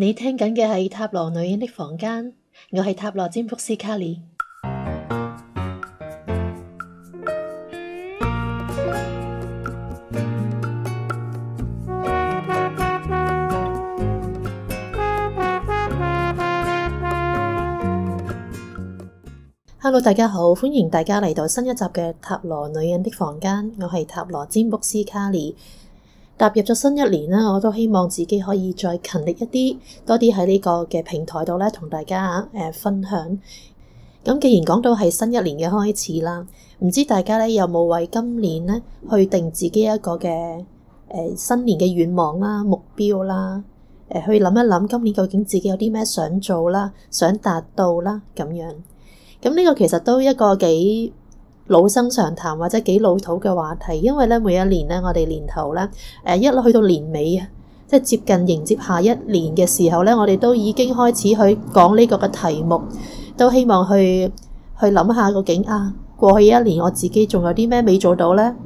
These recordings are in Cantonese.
你聽緊嘅係塔羅女人的房間，我係塔羅占卜師卡莉。 Hello，大家好，歡迎大家嚟到新一集嘅塔羅女人的房間，我係塔羅占卜師卡莉。踏入咗新一年啦，我都希望自己可以再勤力一啲，多啲喺呢個嘅平台度咧，同大家誒分享。咁既然講到係新一年嘅開始啦，唔知大家咧有冇為今年咧去定自己一個嘅誒新年嘅願望啦、目標啦，誒去諗一諗今年究竟自己有啲咩想做啦、想達到啦咁樣。咁呢個其實都一個幾～老生常談或者幾老土嘅話題，因為咧每一年咧，我哋年頭咧，誒一路去到年尾啊，即係接近迎接下一年嘅時候咧，我哋都已經開始去講呢個嘅題目，都希望去去諗下究竟啊。過去一年我自己仲有啲咩未做到呢？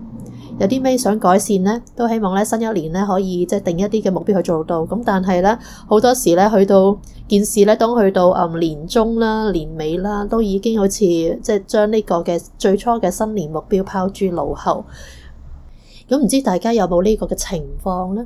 有啲咩想改善呢？都希望咧新一年咧可以即係定一啲嘅目標去做到。咁但係咧好多時咧去到件事咧，當去到誒年中啦、年尾啦，都已經好似即係將呢個嘅最初嘅新年目標拋諸腦後。咁、嗯、唔知大家有冇呢個嘅情況咧？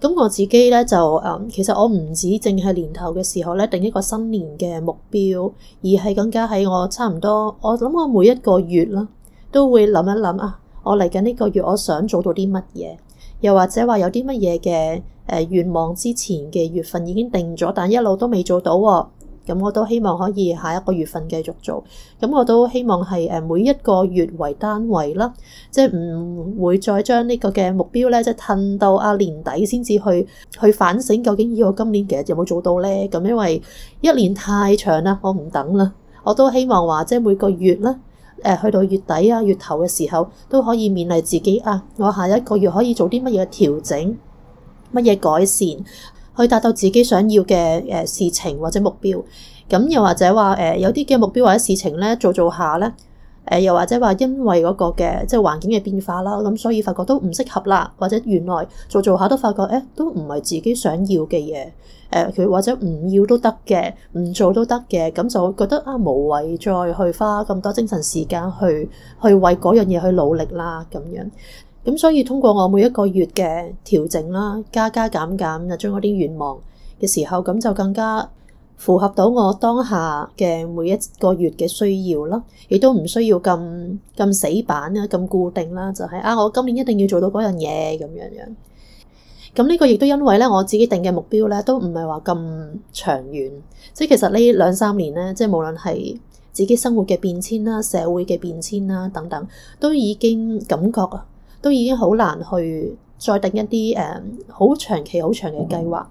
咁、嗯、我自己咧就誒、嗯，其實我唔止淨係年頭嘅時候咧定一個新年嘅目標，而係更加喺我差唔多我諗我每一個月啦，都會諗一諗啊。我嚟緊呢個月，我想做到啲乜嘢？又或者話有啲乜嘢嘅誒願望？之前嘅月份已經定咗，但一路都未做到喎、哦。咁、嗯、我都希望可以下一個月份繼續做。咁、嗯、我都希望係誒每一個月為單位啦，即係唔會再將呢個嘅目標咧，即係褪到啊年底先至去去反省究竟以我今年其實有冇做到咧？咁、嗯、因為一年太長啦，我唔等啦。我都希望話即係每個月啦。誒去到月底啊月頭嘅時候，都可以勉勵自己啊！我下一個月可以做啲乜嘢調整，乜嘢改善，去達到自己想要嘅誒、呃、事情或者目標。咁又或者話誒、呃，有啲嘅目標或者事情咧，做做下咧。誒又或者話因為嗰個嘅即係環境嘅變化啦，咁所以發覺都唔適合啦，或者原來做著做下都發覺誒、欸、都唔係自己想要嘅嘢，誒、呃、佢或者唔要都得嘅，唔做都得嘅，咁就會覺得啊無謂再去花咁多精神時間去去為嗰樣嘢去努力啦咁樣，咁所以通過我每一個月嘅調整啦，加加減減就將嗰啲願望嘅時候，咁就更加。符合到我當下嘅每一個月嘅需要啦，亦都唔需要咁咁死板啦、咁固定啦，就係啊，我今年一定要做到嗰樣嘢咁樣樣。咁呢個亦都因為咧，我自己定嘅目標咧，都唔係話咁長遠。即係其實呢兩三年咧，即係無論係自己生活嘅變遷啦、社會嘅變遷啦等等，都已經感覺啊，都已經好難去再定一啲誒好長期、好長嘅計劃。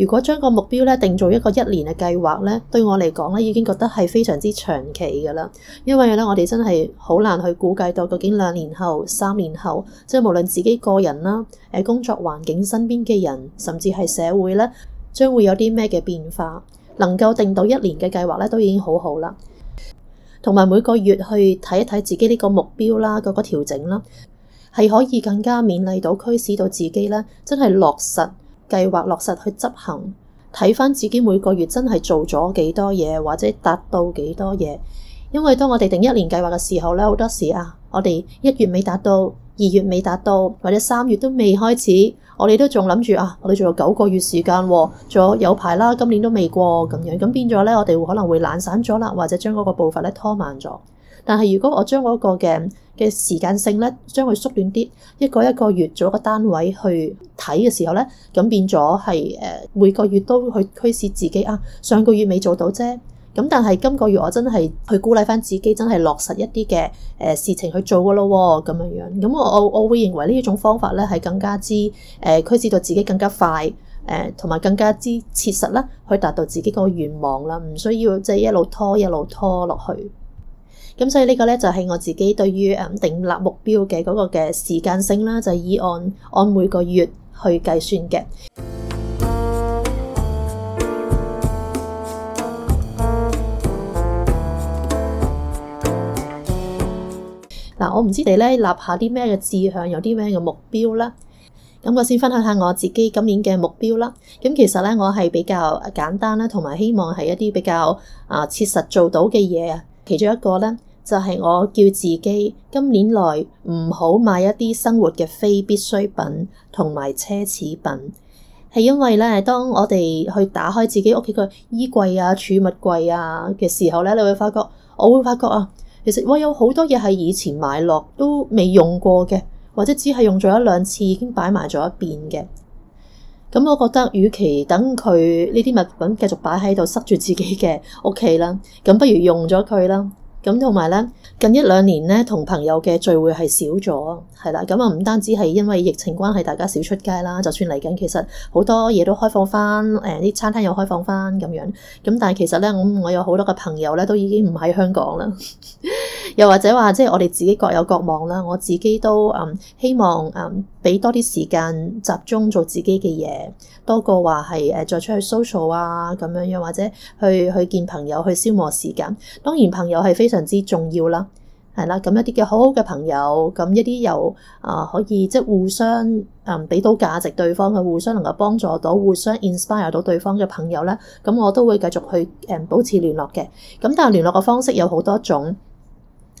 如果將個目標咧定做一個一年嘅計劃咧，對我嚟講咧已經覺得係非常之長期嘅啦。因為咧，我哋真係好難去估計到究竟兩年後、三年後，即係無論自己個人啦、誒工作環境、身邊嘅人，甚至係社會咧，將會有啲咩嘅變化，能夠定到一年嘅計劃咧，都已經好好啦。同埋每個月去睇一睇自己呢個目標啦，個個調整啦，係可以更加勉勵到、驅使到自己咧，真係落實。計劃落實去執行，睇返自己每個月真係做咗幾多嘢，或者達到幾多嘢。因為當我哋定一年計劃嘅時候咧，好多時啊，我哋一月未達到，二月未達到，或者三月都未開始，我哋都仲諗住啊，我哋仲有九個月時間，仲有有排啦，今年都未過咁樣，咁變咗咧，我哋可能會懶散咗啦，或者將嗰個步伐咧拖慢咗。但係如果我將嗰個嘅嘅時間性咧，將佢縮短啲，一個一個月做一個單位去睇嘅時候咧，咁變咗係誒每個月都去驅使自己啊，上個月未做到啫，咁但係今個月我真係去鼓勵翻自己，真係落實一啲嘅誒事情去做噶咯，哦，咁樣樣，咁我我我會認為呢一種方法咧係更加之誒呃，驅使到自己更加快，誒同埋更加之切實啦，去達到自己個願望啦，唔需要即係一路拖一路拖落去。咁所以這個呢個咧就係、是、我自己對於誒定立目標嘅嗰個嘅時間性啦，就是、以按，按每個月去計算嘅。嗱、 嗯，我唔知道你咧立下啲咩嘅志向，有啲咩嘅目標啦。咁我先分享下我自己今年嘅目標啦。咁其實呢，我係比較簡單啦，同埋希望係一啲比較啊、呃、切實做到嘅嘢啊。其中一個呢，就係、是、我叫自己今年內唔好買一啲生活嘅非必需品同埋奢侈品，係因為呢，當我哋去打開自己屋企個衣櫃啊、儲物櫃啊嘅時候呢，你會發覺，我會發覺啊，其實我有好多嘢係以前買落都未用過嘅，或者只係用咗一兩次已經擺埋咗一邊嘅。咁我覺得，與其等佢呢啲物品繼續擺喺度塞住自己嘅屋企啦，咁不如用咗佢啦。咁同埋咧，近一兩年咧，同朋友嘅聚會係少咗，係啦。咁啊，唔單止係因為疫情關係，大家少出街啦。就算嚟緊，其實好多嘢都開放翻，誒、呃、啲餐廳又開放翻咁樣。咁但係其實咧，我我有好多嘅朋友咧，都已經唔喺香港啦。 又或者話，即係我哋自己各有各忙啦。我自己都嗯希望嗯畀多啲時間集中做自己嘅嘢，多過話係誒再出去 social 啊咁樣樣，或者去去見朋友去消磨時間。當然朋友係非常之重要啦，係啦。咁一啲嘅好好嘅朋友，咁一啲又啊可以即係互相嗯畀到價值對方嘅，互相能夠幫助到，互相 inspire 到對方嘅朋友咧，咁我都會繼續去誒、嗯、保持聯絡嘅。咁但係聯絡嘅方式有好多種。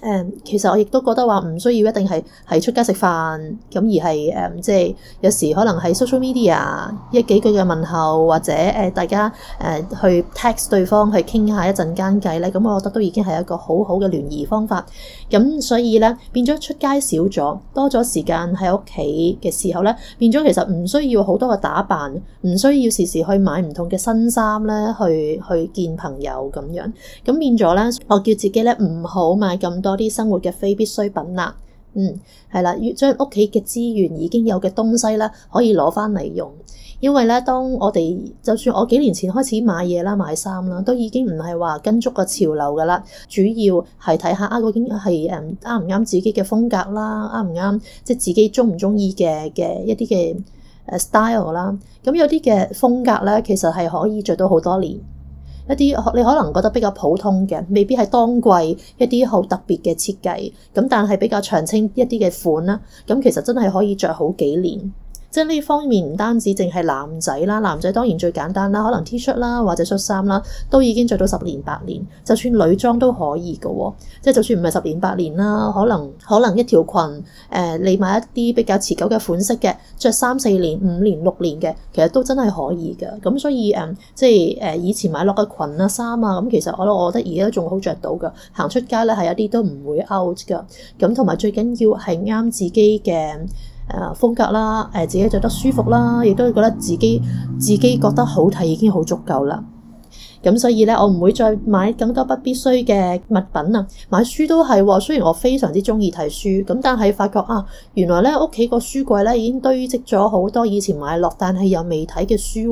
誒，um, 其實我亦都覺得話唔需要一定係係出街食飯，咁而係誒、嗯，即係有時可能係 social media 一幾句嘅問候，或者誒、呃、大家誒、呃、去 text 對方去傾下一陣間偈咧，咁我覺得都已經係一個好好嘅聯誼方法。咁所以咧，變咗出街少咗，多咗時間喺屋企嘅時候咧，變咗其實唔需要好多嘅打扮，唔需要時時去買唔同嘅新衫咧，去去見朋友咁樣，咁變咗咧，我叫自己咧唔好買咁多。多啲生活嘅非必需品啦，嗯，係啦，要將屋企嘅資源，已經有嘅東西咧，可以攞翻嚟用。因為咧，當我哋就算我幾年前開始買嘢啦，買衫啦，都已經唔係話跟足個潮流噶啦，主要係睇下啊究竟係誒啱唔啱自己嘅風格啦，啱唔啱，即係自己中唔中意嘅嘅一啲嘅誒 style 啦。咁有啲嘅風格咧，其實係可以着到好多年。一啲你可能覺得比較普通嘅，未必係當季一啲好特別嘅設計，咁但係比較長青一啲嘅款啦。咁其實真係可以着好幾年。即係呢方面唔單止淨係男仔啦，男仔當然最簡單啦，可能 T 恤啦或者恤衫啦，都已經着到十年八年。就算女裝都可以噶喎、哦，即係就算唔係十年八年啦，可能可能一條裙，誒、呃、你買一啲比較持久嘅款式嘅，着三四年、五年、六年嘅，其實都真係可以噶。咁所以誒、嗯，即係誒以前買落嘅裙啊、衫啊，咁其實我咧，我覺得而家仲好着到噶，行出街咧係一啲都唔會 out 噶。咁同埋最緊要係啱自己嘅。誒風格啦，自己著得舒服啦，亦都會覺得自己自己覺得好睇已經好足夠啦。咁所以咧，我唔會再買更多不必須嘅物品喇。買書都係喎，雖然我非常之中意睇書，咁但係發覺啊，原來咧屋企個書櫃咧已經堆積咗好多以前買落但係又未睇嘅書。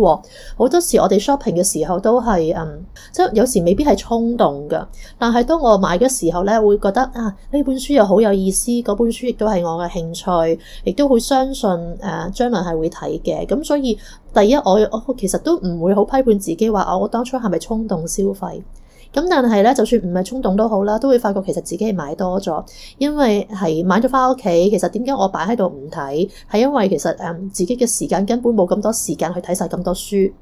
好多時我哋 shopping 嘅時候都係嗯，即有時未必係衝動㗎。但係當我買嘅時候咧，會覺得啊，呢本書又好有意思，嗰本書亦都係我嘅興趣，亦都會相信誒將來係會睇嘅。咁所以。第一，我我其實都唔會好批判自己話，我當初係咪衝動消費咁？但係咧，就算唔係衝動都好啦，都會發覺其實自己係買多咗，因為係買咗返屋企。其實點解我擺喺度唔睇？係因為其實誒、嗯、自己嘅時間根本冇咁多時間去睇晒咁多書，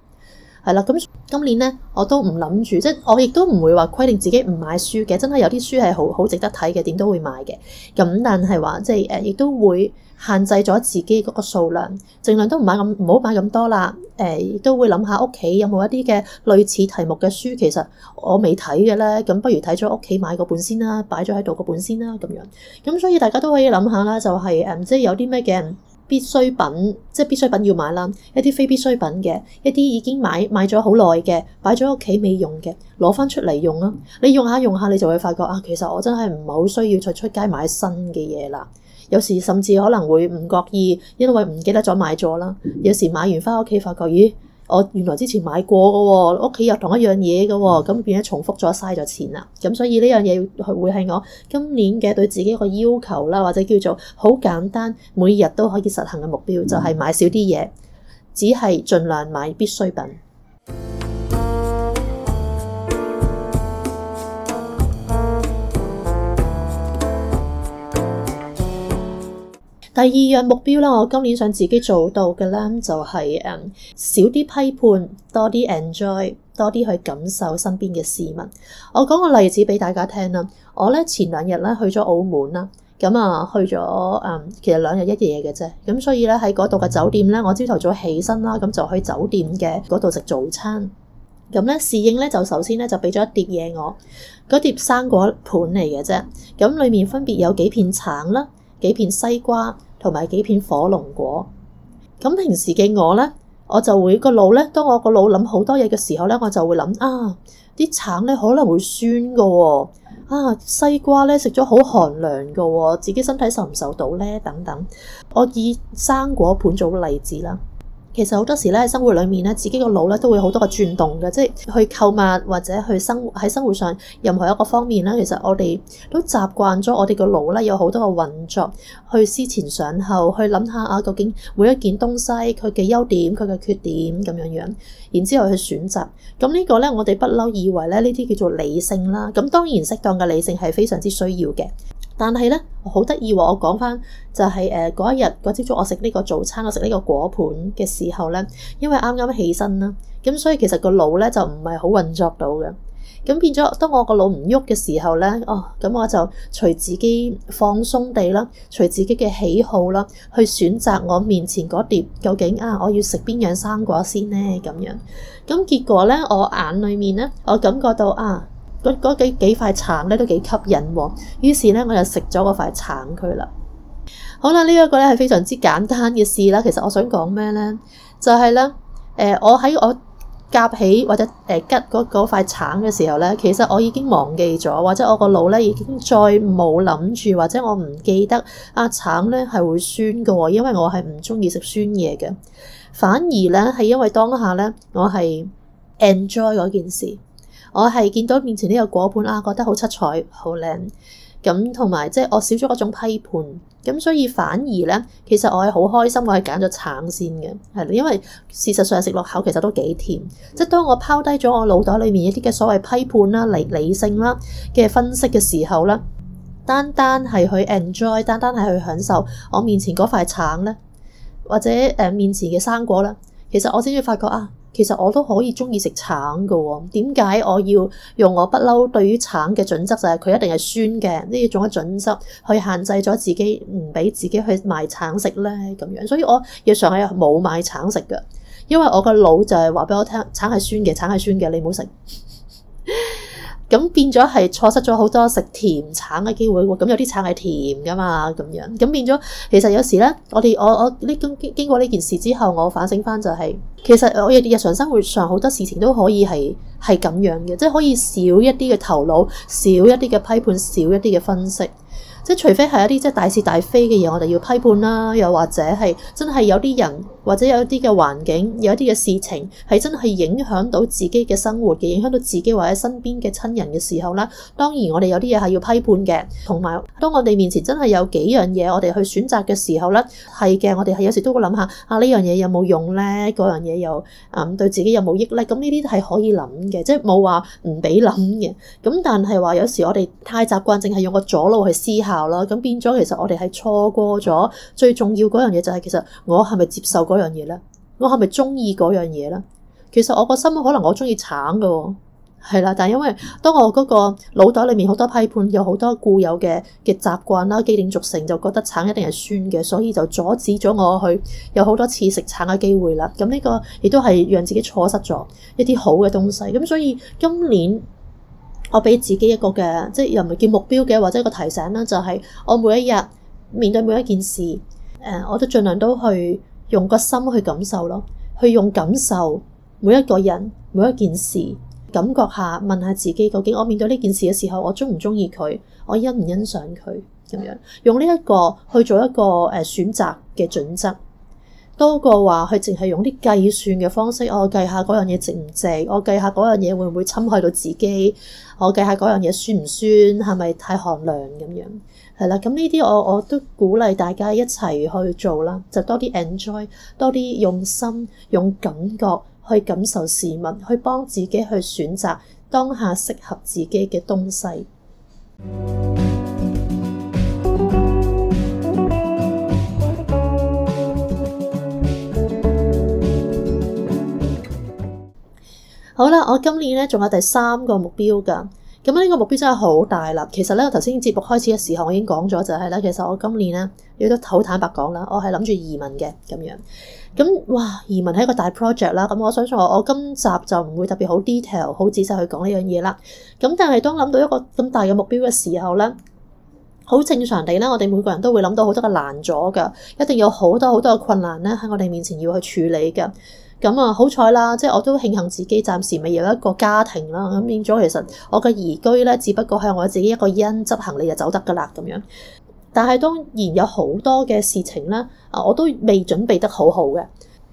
係啦。咁今年咧，我都唔諗住，即係我亦都唔會話規定自己唔買書嘅。真係有啲書係好好值得睇嘅，點都會買嘅。咁但係話即係誒，亦都會。限制咗自己嗰個數量，儘量都唔買咁，唔好買咁多啦。誒，亦都會諗下屋企有冇一啲嘅類似題目嘅書，其實我未睇嘅咧，咁不如睇咗屋企買個本先啦，擺咗喺度個本先啦，咁樣。咁所以大家都可以諗下啦，就係誒，即係有啲咩嘅必需品，即係必需品要買啦，一啲非必需品嘅，一啲已經買買咗好耐嘅，擺咗屋企未用嘅，攞翻出嚟用囉。你用下用下，你就會發覺啊，其實我真係唔好需要再出街買新嘅嘢啦。有時甚至可能會唔覺意，因為唔記得咗買咗啦。有時買完翻屋企發覺，咦，我原來之前買過嘅喎，屋企有同一樣嘢嘅喎，咁變咗重複咗，嘥咗錢啦。咁所以呢樣嘢去會係我今年嘅對自己個要求啦，或者叫做好簡單，每日都可以實行嘅目標，就係、是、買少啲嘢，只係盡量買必需品。第二樣目標呢，我今年想自己做到嘅呢，就係、是嗯、少啲批判，多啲 enjoy，多啲去感受身邊嘅事物。我講個例子俾大家聽啦。我呢前兩日咧去咗澳門啦，咁、嗯、啊去咗誒、嗯，其實兩日一夜嘅啫。咁所以呢，喺嗰度嘅酒店呢，我朝頭早起身啦，咁就去酒店嘅嗰度食早餐。咁呢侍應呢，就首先呢，就俾咗一碟嘢我，嗰碟生果盤嚟嘅啫。咁裡面分別有幾片橙啦。幾片西瓜同埋幾片火龍果，咁平時嘅我咧，我就會個腦咧，當我個腦諗好多嘢嘅時候咧，我就會諗啊，啲橙咧可能會酸嘅喎，啊西瓜咧食咗好寒涼嘅喎，自己身體受唔受到咧？等等，我以生果盤做例子啦。其實好多時咧喺生活裏面咧，自己個腦咧都會好多個轉動嘅，即係去購物或者去生活，喺生活上任何一個方面咧。其實我哋都習慣咗，我哋個腦咧有好多個運作，去思前想後，去諗下啊，究竟每一件東西佢嘅優點、佢嘅缺點咁樣樣，然之後去選擇。咁呢個咧，我哋不嬲以為咧呢啲叫做理性啦。咁當然適當嘅理性係非常之需要嘅。但係咧，好得意喎！我講翻就係誒嗰一日嗰朝早，我食呢個早餐，我食呢個果盤嘅時候咧，因為啱啱起身啦，咁所以其實個腦咧就唔係好運作到嘅，咁變咗當我個腦唔喐嘅時候咧，哦，咁我就隨自己放鬆地啦，隨自己嘅喜好啦，去選擇我面前嗰碟究竟啊，我要食邊樣生果先咧咁樣，咁結果咧，我眼裏面咧，我感覺到啊～嗰嗰幾幾塊橙咧都幾吸引，於是咧我就食咗嗰塊橙佢啦。好啦，呢、這、一個咧係非常之簡單嘅事啦。其實我想講咩咧，就係、是、咧，誒、呃，我喺我夾起或者誒吉嗰嗰塊橙嘅時候咧，其實我已經忘記咗，或者我個腦咧已經再冇諗住，或者我唔記得啊橙咧係會酸㗎，因為我係唔中意食酸嘢嘅，反而咧係因為當下咧我係 enjoy 嗰件事，我係見到面前呢個果盤啊，覺得好七彩、好靚咁，同埋即係我少咗嗰種批判，咁所以反而咧，其實我係好開心，我係揀咗橙先嘅，係啦，因為事實上食落口其實都幾甜。即係當我拋低咗我腦袋裏面一啲嘅所謂批判啦、理理性啦嘅分析嘅時候啦，單單係去 enjoy，單單係去享受我面前嗰塊橙咧，或者誒、呃、面前嘅生果啦，其實我先至發覺啊～其實我都可以鍾意食橙嘅喎、哦，點解我要用我不嬲對於橙嘅準則就係佢一定係酸嘅呢一種嘅準則，去限制咗自己唔俾自己去買橙食呢？咁樣，所以我要上係冇買橙食嘅，因為我個腦就係話俾我聽，橙係酸嘅，橙係酸嘅，你唔好食。咁變咗係錯失咗好多食甜橙嘅機會喎。咁有啲橙係甜㗎嘛，咁樣咁變咗。其實有時咧，我哋我我呢公經經過呢件事之後，我反省返就係、是、其實我日日常生活上好多事情都可以係係咁樣嘅，即係可以少一啲嘅頭腦，少一啲嘅批判，少一啲嘅分析。即係除非係一啲即係大是大非嘅嘢，我哋要批判啦。又或者係真係有啲人。或者有一啲嘅環境，有一啲嘅事情係真係影響到自己嘅生活嘅，影響到自己或者身邊嘅親人嘅時候啦。當然我哋有啲嘢係要批判嘅，同埋當我哋面前真係有幾樣嘢我哋去選擇嘅時候咧，係嘅，我哋係有時都會諗下啊，有有呢樣嘢有冇用咧，嗰樣嘢又啊對自己有冇益處，咁呢啲係可以諗嘅，即係冇話唔俾諗嘅。咁但係話有時我哋太習慣淨係用個左腦去思考啦，咁變咗其實我哋係錯過咗最重要嗰樣嘢，就係其實我係咪接受過？嗰樣嘢咧，我係咪中意嗰樣嘢咧？其實我個心可能我中意橙噶，哦，係啦。但係因為當我嗰個腦袋裏面好多批判，有好多固有嘅嘅習慣啦，約定俗成就覺得橙一定係酸嘅，所以就阻止咗我去有好多次食橙嘅機會啦。咁呢個亦都係讓自己錯失咗一啲好嘅東西。咁所以今年我俾自己一個嘅即係又唔係叫目標嘅，或者一個提醒啦，就係，是，我每一日面對每一件事，誒，我都盡量都去。用個心去感受咯，去用感受每一個人每一件事感覺下，問下自己究竟我面對呢件事嘅時候，我鍾唔鍾意佢，我欣唔欣賞佢咁樣，用呢一個去做一個誒選擇嘅準則，多過話佢淨係用啲計算嘅方式，我計下嗰樣嘢值唔值，我計下嗰樣嘢會唔會侵害到自己，我計下嗰樣嘢酸唔酸，係咪太寒涼咁樣。係啦，咁呢啲我我都鼓勵大家一齊去做啦，就多啲 enjoy，多啲用心用感覺去感受事物，去幫自己去選擇當下適合自己嘅東西。 好啦，我今年咧仲有第三個目標㗎。咁呢個目標真係好大啦！其實咧，我頭先節目開始嘅時候，我已經講咗就係、是、咧，其實我今年咧亦都好坦白講啦，我係諗住移民嘅咁樣。咁、嗯、哇，移民係一個大 project 啦。咁、嗯、我相信我今集就唔會特別好 detail、好仔細去講呢樣嘢啦。咁、嗯、但係當諗到一個咁大嘅目標嘅時候咧，好正常地咧，我哋每個人都會諗到好多嘅難阻㗎，一定有好多好多嘅困難咧喺我哋面前要去處理㗎。咁啊，好彩啦，即係我都慶幸自己暫時未有一個家庭啦，咁變咗其實我嘅移居咧，只不過係我自己一個人執行，李就走得㗎喇咁樣。但係當然有好多嘅事情咧，啊我都未準備得好好嘅。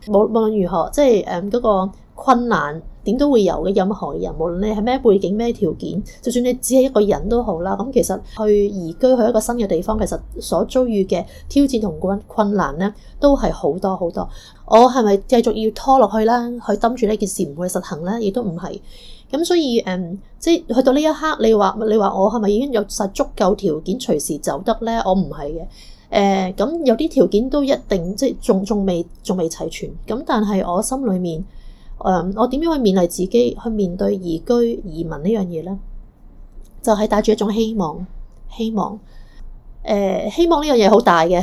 無無論如何，即係誒嗰個困難。點都會有嘅，任何人無論你係咩背景咩條件，就算你只係一個人都好啦。咁其實去移居去一個新嘅地方，其實所遭遇嘅挑戰同困困難咧，都係好多好多。我係咪繼續要拖落去啦？去諗住呢件事唔會實行咧？亦都唔係。咁所以誒、嗯，即係去到呢一刻，你話你話我係咪已經有實足夠條件隨時走得咧？我唔係嘅。誒、嗯，咁有啲條件都一定即係仲仲未仲未齊全。咁但係我心裡面。Um, 我點樣去勉勵自己，去面對移居移民呢樣嘢呢？就係帶住一種希望，希望。呃、希望呢樣嘢好大嘅，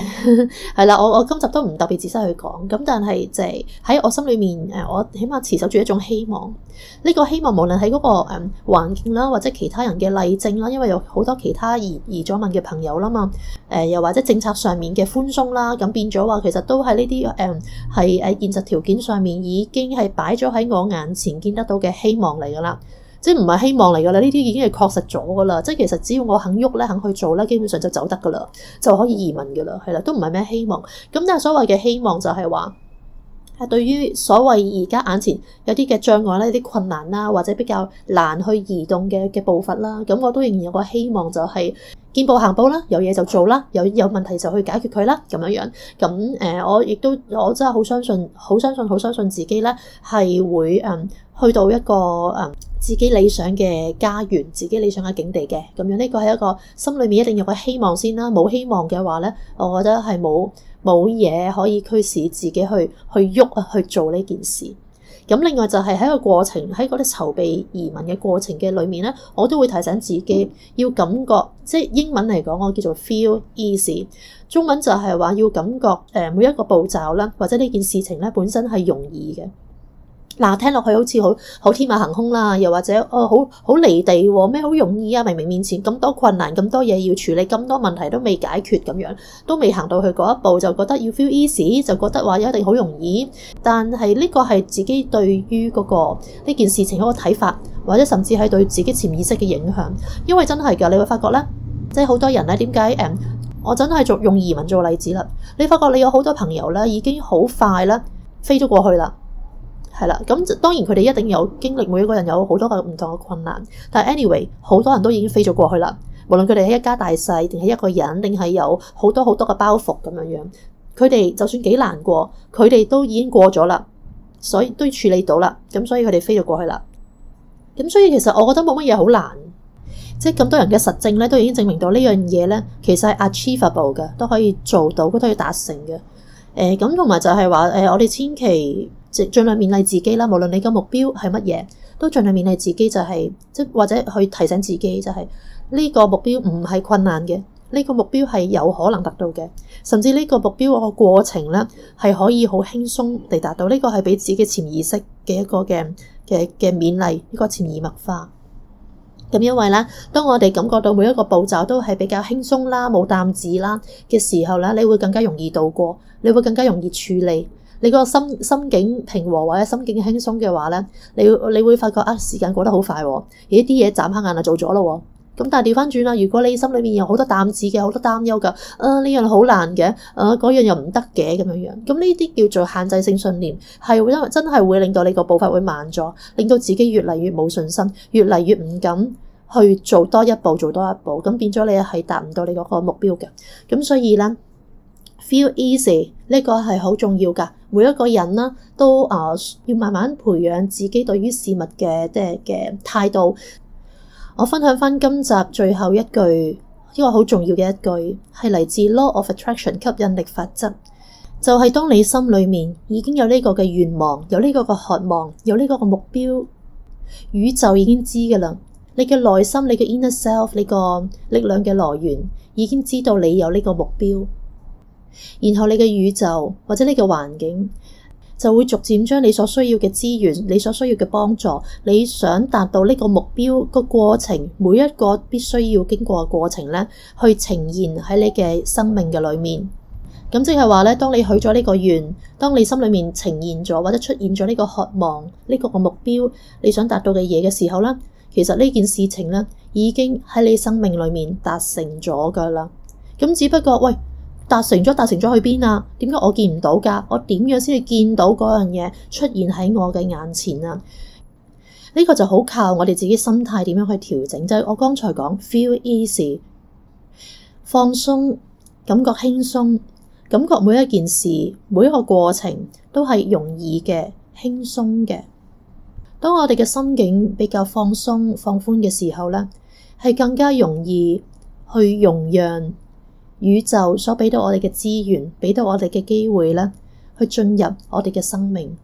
係啦，我我今集都唔特別仔細去講，咁但係就係喺我心裏面誒，我起碼持守住一種希望。呢、這個希望無論喺嗰個誒環、嗯、境啦，或者其他人嘅例證啦，因為有好多其他移移咗民嘅朋友啦嘛，誒、呃、又或者政策上面嘅寬鬆啦，咁變咗話其實都係呢啲誒係喺現實條件上面已經係擺咗喺我眼前見得到嘅希望嚟㗎啦。即係唔係希望嚟㗎啦，呢啲已經係確實咗㗎啦。即其實只要我肯喐咧，肯去做咧，基本上就走得㗎啦，就可以移民㗎啦。係啦，都唔係咩希望。咁但係所謂嘅希望就係話，對於所謂而家眼前有啲嘅障礙咧、有啲困難啦，或者比較難去移動嘅嘅步伐啦，咁我都仍然有個希望，就係見步行步啦，有嘢就做啦，有有問題就去解決佢啦，咁樣樣。咁誒、呃，我亦都我真係好相信，好相信，好相信自己咧，係會去到一個誒自己理想嘅家園，自己理想嘅境地嘅。咁樣呢個係一個心裏面一定有個希望先啦。冇希望嘅話咧，我覺得係冇。冇嘢可以驅使自己去去喐啊去做呢件事。咁另外就係喺個過程，喺嗰啲籌備移民嘅過程嘅裏面咧，我都會提醒自己要感覺，即係英文嚟講我叫做 feel easy，中文就係話要感覺誒每一個步驟啦，或者呢件事情咧本身係容易嘅。嗱，聽落去好似好天馬行空啦，又或者哦，好離地喎，咩好容易啊？明明面前咁多困難，咁多嘢要處理，咁多問題都未解決，咁樣都未行到去嗰一步，就覺得要 feel easy，就覺得話一定好容易。但係呢個係自己對於嗰個呢件事情嗰個睇法，或者甚至係對自己潛意識嘅影響，因為真係嘅，你會發覺呢，即係好多人呢，點解誒？我真係用移民做例子啦。你發覺你有好多朋友呢，已經好快咧飛咗過去啦。係啦，咁當然佢哋一定有經歷，每一個人有好多個唔同嘅困難。但係 anyway，好多人都已經飛咗過去啦。無論佢哋係一家大細，定係一個人，定係有好多好多嘅包袱咁樣樣，佢哋就算幾難過，佢哋都已經過咗啦，所以都處理到啦。咁所以佢哋飛咗過去啦。咁所以其實我覺得冇乜嘢好難，即係咁多人嘅實證咧，都已經證明到呢樣嘢咧，其實係 achievable 嘅，都可以做到，都可以達成嘅。誒，咁同埋就係話，誒，我哋千祈。即係盡量勉勵自己啦，無論你嘅目標係乜嘢，都盡量勉勵自己，就係，就係即或者去提醒自己，就係，就係呢個目標唔係困難嘅，呢個目標係有可能達到嘅，甚至呢個目標個過程咧係可以好輕鬆地達到。呢個係俾自己潛意識嘅一個嘅嘅嘅勉勵，呢個潛移默化。咁因為咧，當我哋感覺到每一個步驟都係比較輕鬆啦，冇擔子啦嘅時候咧，你會更加容易度過，你會更加容易處理。你個心心境平和或者心境輕鬆嘅話咧，你你會發覺啊時間過得好快喎，而啲嘢眨下眼就做咗咯喎。咁但係調翻轉啦，如果你心裏面有好多擔子嘅，好多擔憂嘅，啊呢樣好難嘅，啊嗰樣又唔得嘅咁樣樣，咁呢啲叫做限制性信念，係因為真係會令到你個步伐會慢咗，令到自己越嚟越冇信心，越嚟越唔敢去做多一步，做多一步，咁變咗你係達唔到你嗰個目標嘅。咁所以咧，feel easy。呢個係好重要㗎，每一個人啦都啊要慢慢培養自己對於事物嘅，即係嘅態度。我分享翻今集最後一句，呢個好重要嘅一句係嚟自 Law of Attraction 吸引力法則，就係當你心裏面已經有呢個嘅願望，有呢個嘅渴望，有呢個嘅目標，宇宙已經知㗎啦。你嘅內心，你嘅 inner self，呢個力量嘅來源已經知道你有呢個目標。然後你嘅宇宙或者你嘅環境就會逐漸將你所需要嘅資源、你所需要嘅幫助、你想達到呢個目標個過程、每一個必須要經過嘅過程呢，去呈現喺你嘅生命嘅裏面。咁即係話咧，當你許咗呢個願，當你心裏面呈現咗或者出現咗呢個渴望呢個、這個目標你想達到嘅嘢嘅時候呢，其實呢件事情呢，已經喺你生命裏面達成咗㗎喇。咁只不過喂。達成咗，達成咗去邊啊？點解我見唔到㗎？我點樣先至見到嗰樣嘢出現喺我嘅眼前啊？呢個就好靠我哋自己心態點樣去調整。就係我剛才講 feel easy，放鬆，感覺輕鬆，感覺每一件事每一個過程都係容易嘅、輕鬆嘅。當我哋嘅心境比較放鬆、放寬嘅時候咧，係更加容易去容讓。宇宙所畀到我哋嘅資源，畀到我哋嘅機會咧，去進入我哋嘅生命。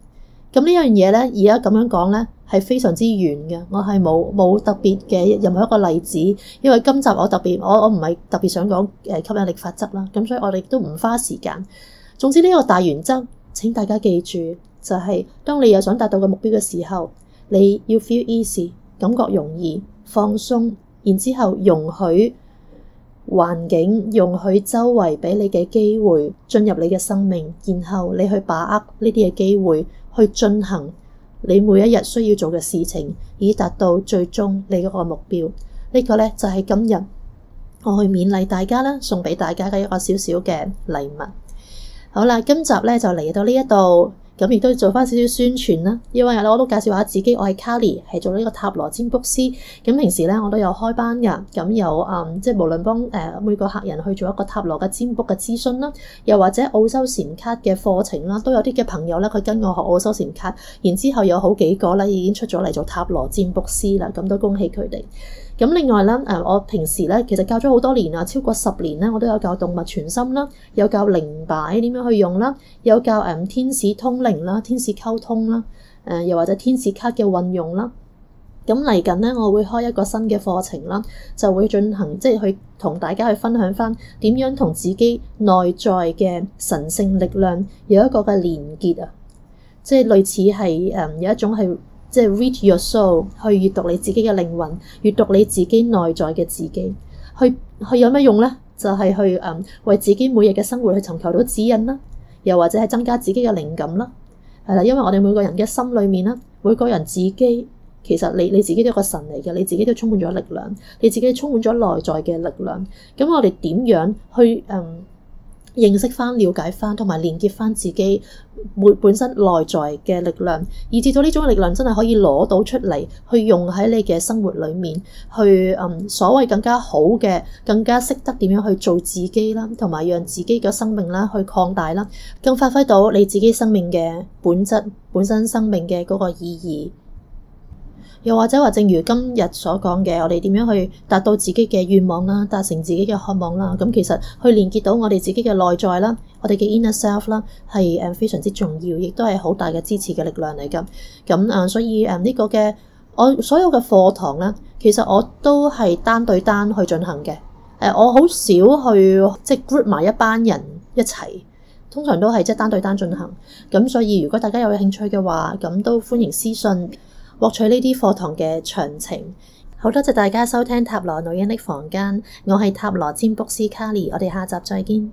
咁呢樣嘢咧，而家咁樣講咧，係非常之遠嘅。我係冇冇特別嘅任何一個例子，因為今集我特別，我我唔係特別想講吸引力法則啦。咁所以我哋都唔花時間。總之呢個大原則，請大家記住，就係當你有想達到嘅目標嘅時候，你要 feel easy，感覺容易，放鬆，然之後容許。環境容許周圍畀你嘅機會進入你嘅生命，然後你去把握呢啲嘅機會去進行你每一日需要做嘅事情，以達到最終你嗰個目標。這個、呢個咧就係、是、今日我去勉勵大家啦，送畀大家嘅一個小小嘅禮物。好啦，今集咧就嚟到呢一度。咁亦都要做翻少少宣傳啦，因為我都介紹下自己，我係 Carrie 係做呢個塔羅占卜師。咁平時咧我都有開班㗎，咁有啊、嗯，即係無論幫、呃、每個客人去做一個塔羅嘅占卜嘅諮詢啦，又或者澳洲閃卡嘅課程啦，都有啲嘅朋友咧佢跟我學澳洲閃卡，然之後有好幾個咧已經出咗嚟做塔羅占卜師啦，咁都恭喜佢哋。咁另外咧，誒我平時咧其實教咗好多年啦，超過十年咧，我都有教動物傳心啦，有教靈擺點樣去用啦，有教誒天使通靈啦、天使溝通啦，誒、呃、又或者天使卡嘅運用啦。咁嚟緊咧，我會開一個新嘅課程啦，就會進行即係、就是、去同大家去分享翻點樣同自己內在嘅神性力量有一個嘅連結啊，即係類似係誒、呃、有一種係。即係 read your soul，去閱讀你自己嘅靈魂，閱讀你自己內在嘅自己。去去有咩用咧？就係、是、去嗯為自己每日嘅生活去尋求到指引啦，又或者係增加自己嘅靈感啦。係啦，因為我哋每個人嘅心裏面啦，每個人自己其實你你自己都係一個神嚟嘅，你自己都充滿咗力量，你自己充滿咗內在嘅力量。咁我哋點樣去嗯。認識翻、了解翻，同埋連結翻自己本身內在嘅力量，以至到呢種力量真係可以攞到出嚟，去用喺你嘅生活裏面，去嗯所謂更加好嘅、更加識得點樣去做自己啦，同埋讓自己嘅生命啦去擴大啦，更發揮到你自己生命嘅本質、本身生命嘅嗰個意義。又或者話，正如今日所講嘅，我哋點樣去達到自己嘅願望啦，達成自己嘅渴望啦。咁其實去連結到我哋自己嘅內在啦，我哋嘅 inner self 啦，係非常之重要，亦都係好大嘅支持嘅力量嚟㗎、嗯。所以誒呢個嘅我所有嘅課堂呢，其實我都係單對單去進行嘅。我好少去、即係、group 埋一班人一齊，通常都係即係單對單進行。咁、嗯、所以如果大家有興趣嘅話，咁都歡迎私信。獲取呢啲課堂嘅詳情，好多謝大家收聽塔羅女人的房間。我係塔羅占卜師卡莉，我哋下集再見。